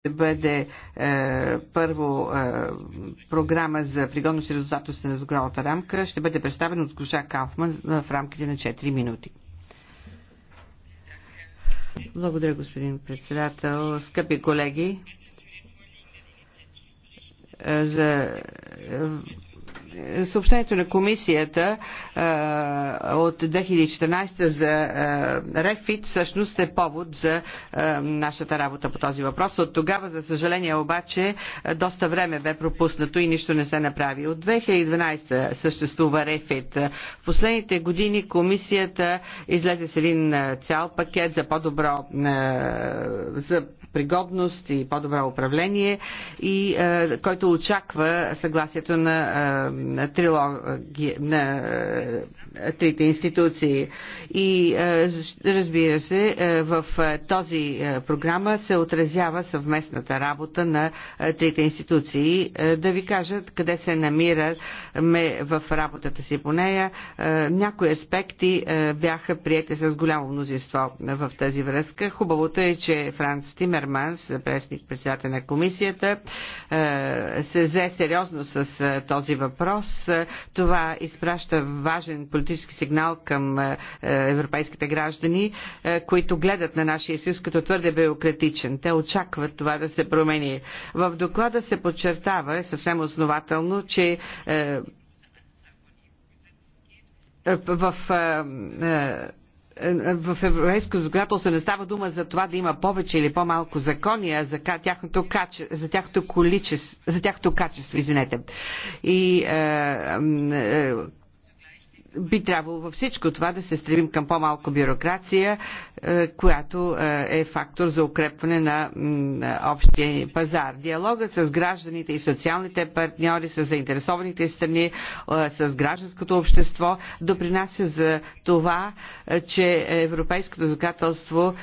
ще бъде е, първо е, програма за пригодност и резултатност на здравната рамка, ще бъде представена от госпожа Кауфман е, в рамките на 4 минути. Благодаря, господин председател. Скъпи колеги, е, за е, съобщението на комисията от 2014 за Рефит всъщност е повод за нашата работа по този въпрос. От тогава, за съжаление обаче, доста време бе пропуснато и нищо не се направи. От 2012 съществува Рефит. В последните години комисията излезе с един цял пакет за по-добро за пригодност и по-добро управление и е, който очаква съгласието на, е, на, трилоги, на е, трите институции. И разбира се, в този програма се отразява съвместната работа на трите институции. Да ви кажат къде се намираме в работата си по нея. Някои аспекти бяха приятели с голямо мнозинство в тази връзка. Хубавото е, че Франц Тимер Тимерманс, заместник председател на комисията, е, се взе сериозно с е, този въпрос. Е, това изпраща важен политически сигнал към европейските граждани, които гледат на нашия съюз като твърде бюрократичен. Те очакват това да се промени. В доклада се подчертава съвсем основателно, че в в европейското законодателство не става дума за това да има повече или по-малко закони, а за тяхното, каче, за тяхното, количество, за тяхното качество. Извинете. И е, е, би трябвало във всичко това да се стремим към по-малко бюрокрация, е, която е, е фактор за укрепване на общия пазар. Диалогът с гражданите и социалните партньори, с заинтересованите страни, е, с гражданското общество допринася за това, че европейското законодателство,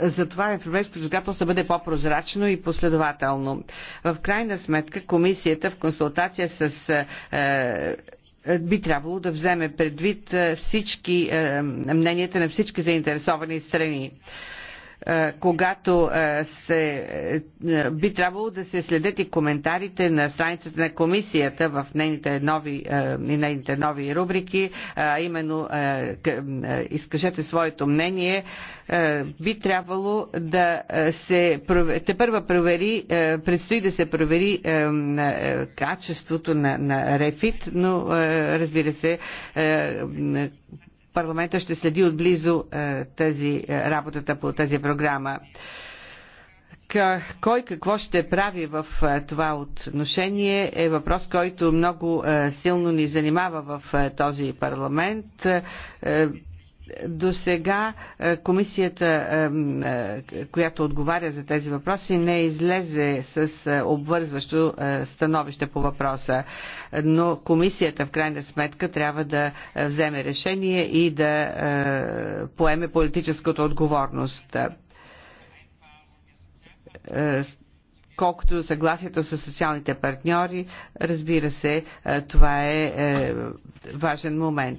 за това европейското законодателство бъде по-прозрачно и последователно. В крайна сметка комисията в консултация с е, би трябвало да вземе предвид е, всички е, мненията на всички заинтересовани страни. Е, когато е, се, е, би трябвало да се следят и коментарите на страницата на комисията в нейните нови, нейните нови рубрики, а именно изкажете своето мнение, би трябвало да се те първа провери, предстои да се провери качеството на, на рефит, но разбира се, парламента ще следи отблизо е, тази е, работата по тази програма. Кой какво ще прави в е, това отношение е въпрос, който много силно ни занимава в този парламент. До сега е, комисията, е, е, която отговаря за тези въпроси, не излезе с обвързващо становище по въпроса, но комисията в крайна сметка трябва да вземе решение и да поеме политическата отговорност колкото съгласието с социалните партньори, разбира се, това е важен момент.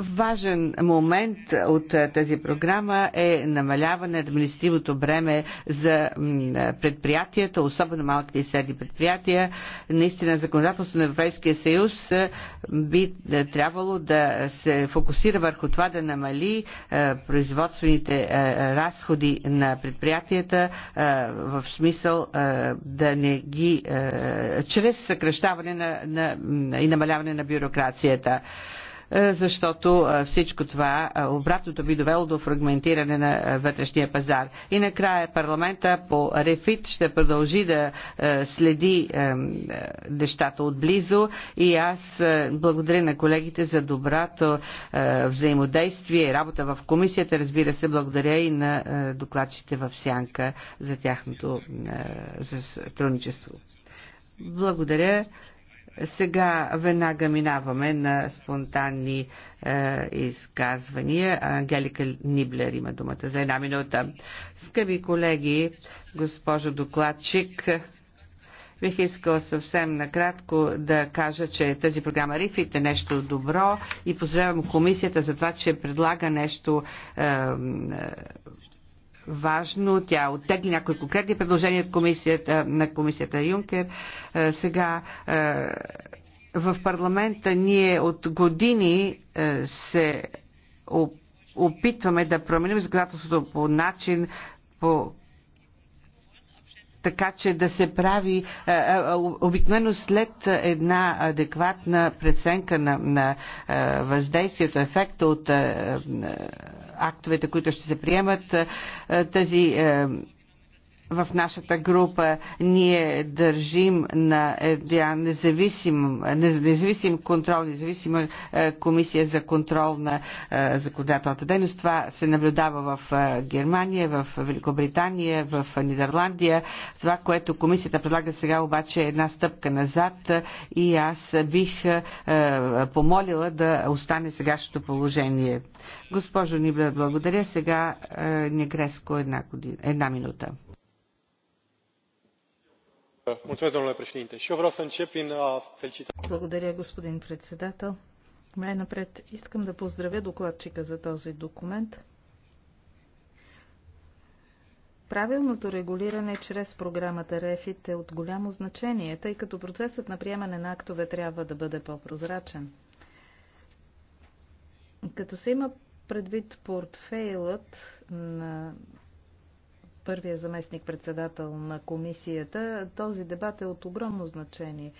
Важен момент от тази програма е намаляване на административното бреме за предприятията, особено малките и средни предприятия. Наистина законодателство на Европейския съюз би трябвало да се фокусира върху това да намали производствените разходи на предприятията в смисъл да не ги чрез съкръщаване на, на, и намаляване на бюрокрацията. Е, защото е, всичко това е, обратното би довело до фрагментиране на вътрешния пазар. И накрая парламента по Рефит ще продължи да следи нещата отблизо и аз благодаря на колегите за доброто взаимодействие и работа в комисията. Разбира се, благодаря и на докладчите в Сянка за тяхното за сътрудничество. Благодаря. Сега веднага минаваме на спонтанни е, изказвания. Ангелика Ниблер има думата за една минута. Скъпи колеги, госпожо докладчик, Бих искала съвсем накратко да кажа, че тази програма РИФИТ е нещо добро и поздравям комисията за това, че предлага нещо е, важно. Тя оттегли някои конкретни предложения от комисията, на комисията Юнкер. Е, сега е, в парламента ние от години е, се опитваме да променим законодателството по начин, по така че да се прави обикновено след една адекватна преценка на, на въздействието, ефекта от актовете, които ще се приемат. Тази в нашата група ние държим на независим, независим контрол, независима е, комисия за контрол на е, законодателната дейност. Това се наблюдава в е, Германия, в Великобритания, в Нидерландия. Това, което комисията предлага сега обаче е една стъпка назад и аз бих помолила да остане сегашното положение. Госпожо Нибля, благодаря. Сега Негреско една, година, една минута domnule președinte și eu vreau să încep prin a felicita. Благодаря, господин председател. Най-напред искам да поздравя докладчика за този документ. Правилното регулиране чрез програмата РЕФИТ е от голямо значение, тъй като процесът на приемане на актове трябва да бъде по-прозрачен. Като се има предвид портфейлът на първия заместник председател на комисията, този дебат е от огромно значение.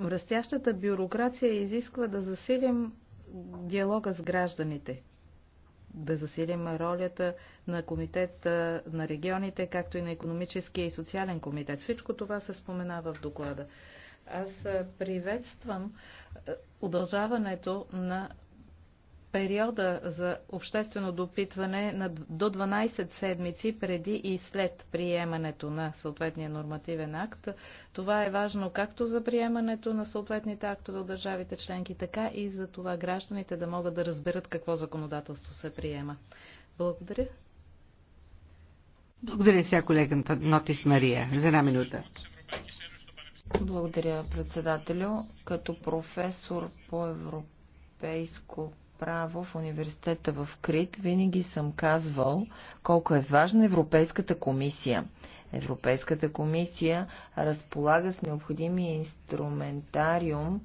Растящата бюрокрация изисква да засилим диалога с гражданите, да засилим ролята на комитета на регионите, както и на економическия и социален комитет. Всичко това се споменава в доклада. Аз приветствам удължаването на периода за обществено допитване на, до 12 седмици преди и след приемането на съответния нормативен акт. Това е важно както за приемането на съответните актове от държавите членки, така и за това гражданите да могат да разберат какво законодателство се приема. Благодаря. Благодаря сега колегата Нотис Мария. За една минута. Благодаря, председателю. Като професор по европейско право в университета в Крит винаги съм казвал колко е важна Европейската комисия. Европейската комисия разполага с необходимия инструментариум,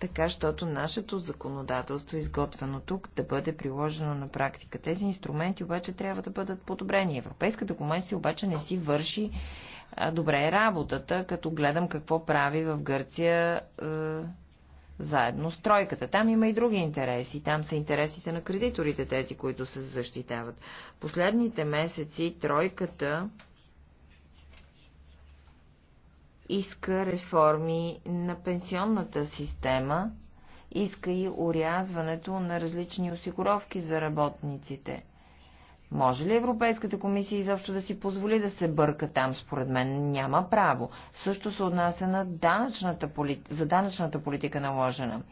така, щото нашето законодателство, изготвено тук, да бъде приложено на практика. Тези инструменти обаче трябва да бъдат подобрени. Европейската комисия обаче не си върши добре работата, като гледам какво прави в Гърция е, заедно с тройката. Там има и други интереси. Там са интересите на кредиторите, тези, които се защитават. Последните месеци тройката иска реформи на пенсионната система, иска и урязването на различни осигуровки за работниците. Може ли Европейската комисия изобщо да си позволи да се бърка там? Според мен няма право. Също се отнася на данъчната полит... за данъчната политика наложена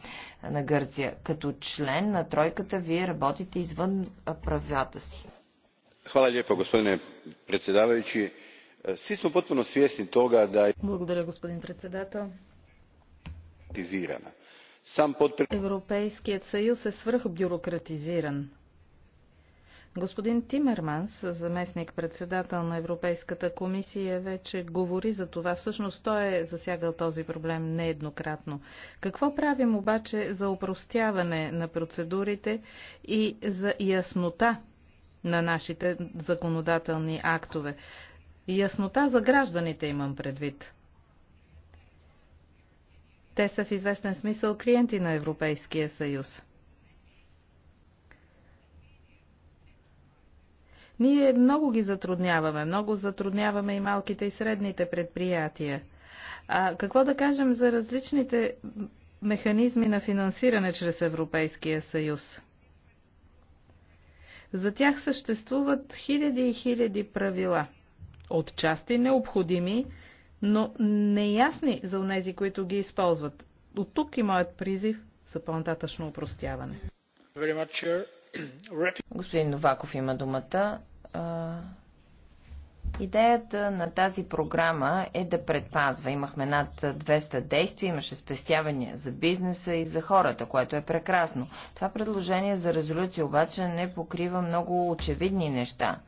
на Гърция. Като член на тройката вие работите извън правилата си. Хвала лепо, господине председавайчи. Е, си сме potpuno свестни тога, да... Е Благодаря, господин председател. Сам Европейският съюз е свръхбюрократизиран Господин Тимерманс, заместник-председател на Европейската комисия, вече говори за това. Всъщност той е засягал този проблем нееднократно. Какво правим обаче за упростяване на процедурите и за яснота на нашите законодателни актове? Яснота за гражданите имам предвид. Те са в известен смисъл клиенти на Европейския съюз. Ние много ги затрудняваме, много затрудняваме и малките и средните предприятия. А какво да кажем за различните механизми на финансиране чрез Европейския съюз? За тях съществуват хиляди и хиляди правила, отчасти необходими, но неясни за тези, които ги използват. От тук и моят призив за по-нататъчно упростяване. Господин Новаков има думата а, Идеята на тази програма е да предпазва. Имахме над 200 действия, имаше спестявания за бизнеса и за хората, което е прекрасно. Това предложение за резолюция обаче не покрива много очевидни неща.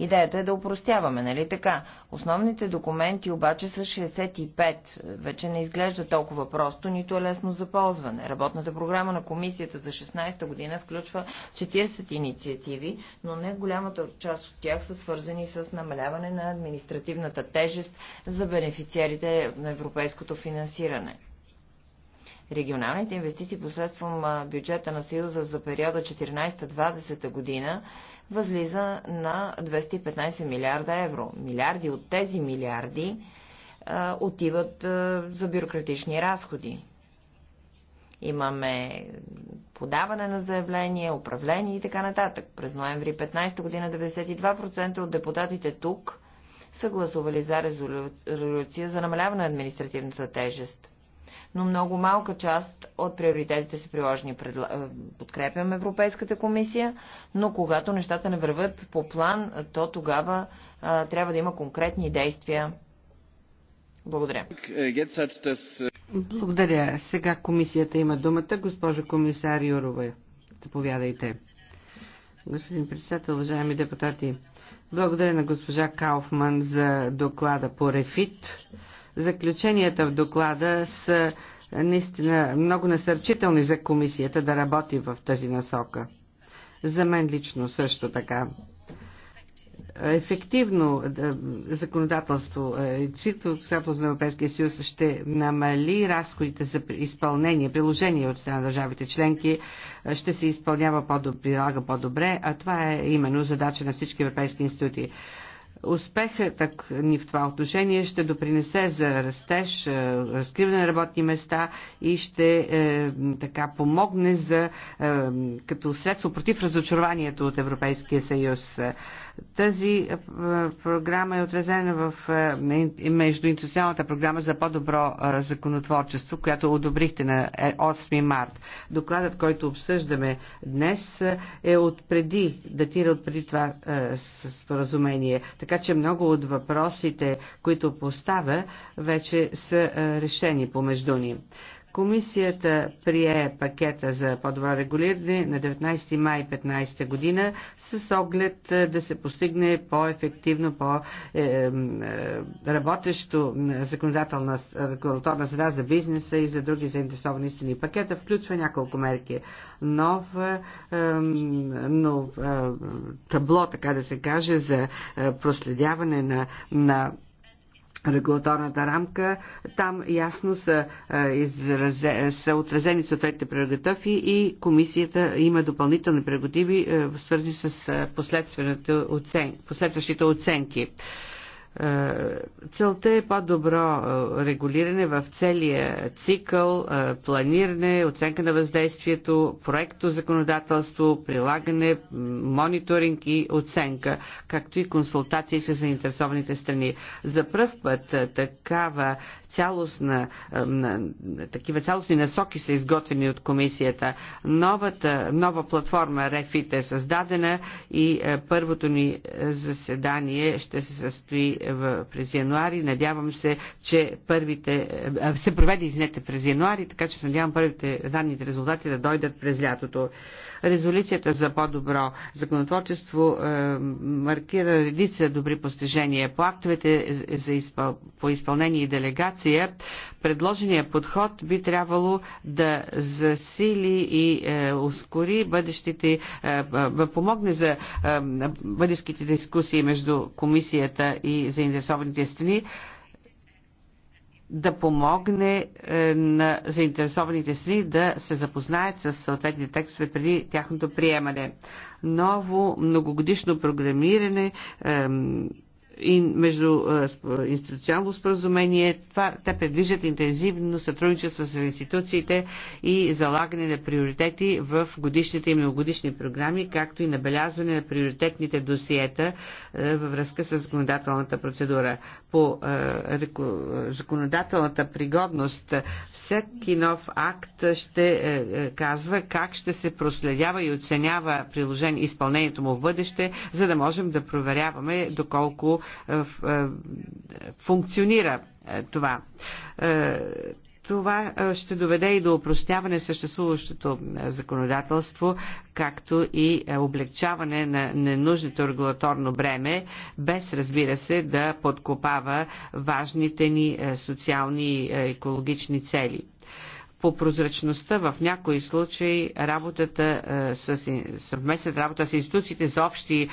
Идеята е да упростяваме, нали така? Основните документи обаче са 65. Вече не изглежда толкова просто, нито е лесно за ползване. Работната програма на комисията за 16-та година включва 40 инициативи, но не голямата част от тях са свързани с намаляване на на административната тежест за бенефициарите на европейското финансиране. Регионалните инвестиции посредством бюджета на Съюза за периода 14-20 година възлиза на 215 милиарда евро. Милиарди от тези милиарди а, отиват а, за бюрократични разходи. Имаме подаване на заявление, управление и така нататък. През ноември 15 година 92% от депутатите тук са гласували за резолюция за намаляване на административната тежест. Но много малка част от приоритетите са приложени. Е, подкрепям Европейската комисия, но когато нещата не върват по план, то тогава а, е, трябва да има конкретни действия. Благодаря. Благодаря. Сега комисията има думата. Госпожа комисар Юрова, заповядайте. Господин председател, уважаеми депутати, благодаря на госпожа Кауфман за доклада по Рефит. Заключенията в доклада са наистина много насърчителни за комисията да работи в тази насока. За мен лично също така ефективно законодателство, е, чието законодателство на Европейския съюз ще намали разходите за изпълнение, приложение от страна на държавите членки, е, ще се изпълнява по-добре, прилага по-добре, а това е именно задача на всички европейски институти. Успехът ни в това отношение ще допринесе за растеж, е, разкриване на работни места и ще е, така помогне за, е, като средство против разочарованието от Европейския съюз. Тази е, програма е отразена в е, институционалната програма за по-добро е, законотворчество, която одобрихте на 8 март. Докладът, който обсъждаме днес, е от преди, датира от преди това споразумение. Така че много от въпросите, които поставя, вече са решени помежду ни. Комисията прие пакета за по-добро регулиране на 19 май 2015 година с оглед е, да се постигне по-ефективно, по-работещо е, е, законодателна регулаторна среда за бизнеса и за други заинтересовани страни. Пакета включва няколко мерки. Нов, нов табло, така да се каже, за проследяване на, на регулаторната рамка. Там ясно са, изразе, са отразени съответните прерогативи и комисията има допълнителни прерогативи, свързани с последващите оценки. Целта е по-добро регулиране в целия цикъл, планиране, оценка на въздействието, проекто законодателство, прилагане, мониторинг и оценка, както и консултации с заинтересованите страни. За пръв път такава цялостна, на, на, такива цялостни насоки са изготвени от комисията. Новата, нова платформа REFIT е създадена и е, първото ни заседание ще се състои в, през януари. Надявам се, че първите... Е, се проведе, изнете през януари, така че се надявам първите данните резултати да дойдат през лятото. Резолюцията за по-добро законотворчество е, маркира редица добри постижения по актовете за изпъл... по изпълнение и делегация информация, предложения подход би трябвало да засили и е, ускори бъдещите, е, е, помогне за е, бъдещите дискусии между комисията и заинтересованите страни да помогне е, на заинтересованите страни да се запознаят с съответните текстове преди тяхното приемане. Ново многогодишно програмиране и между институционално споразумение. Това, те предвиждат интензивно сътрудничество с институциите и залагане на приоритети в годишните и многогодишни програми, както и набелязване на приоритетните досиета във връзка с законодателната процедура. По законодателната пригодност всеки нов акт ще е, е, казва как ще се проследява и оценява приложение изпълнението му в бъдеще, за да можем да проверяваме доколко е, е, функционира е, това. Това ще доведе и до упростяване съществуващото законодателство, както и облегчаване на ненужното регулаторно бреме, без разбира се да подкопава важните ни социални и екологични цели по прозрачността в някои случаи работата с съвместната работа с институциите за общи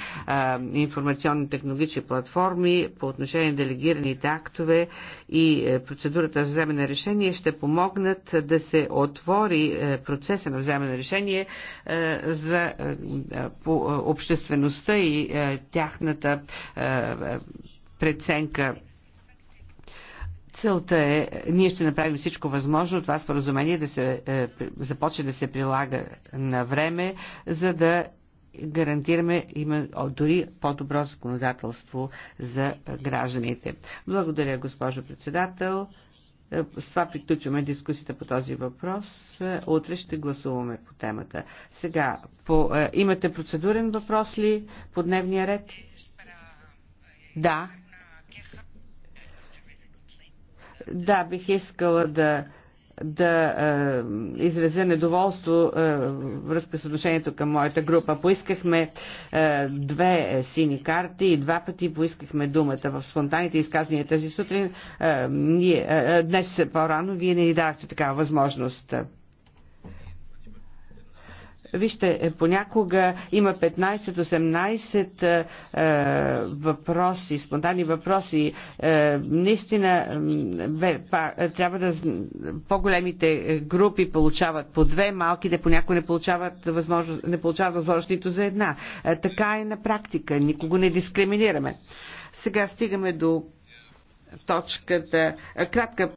информационни технологични платформи по отношение на делегираните актове и е, процедурата за вземане на решение ще помогнат да се отвори е, процеса на вземане на решение е, за обществеността и тяхната преценка Целта е, ние ще направим всичко възможно това споразумение да се е, започне да се прилага на време, за да гарантираме има дори по-добро законодателство за гражданите. Благодаря, госпожо председател. Е, с това приключваме дискусията по този въпрос. Е, утре ще гласуваме по темата. Сега, по, е, имате процедурен въпрос ли по дневния ред? Да. Да, бих искала да да е, изразя недоволство е, връзка с отношението към моята група. Поискахме е, две сини карти и два пъти поискахме думата в спонтанните изказвания тази сутрин. Е, ние, е, е днес е по-рано вие не ни дадахте такава възможност. Вижте, е, понякога има 15-18 е, е, въпроси, спонтанни въпроси. Е, наистина, па, е, трябва да по-големите групи получават по две, малките понякога не получават възможност, не получават възможност нито за една. Е, така е на практика. Никого не дискриминираме. Сега стигаме до точката, кратка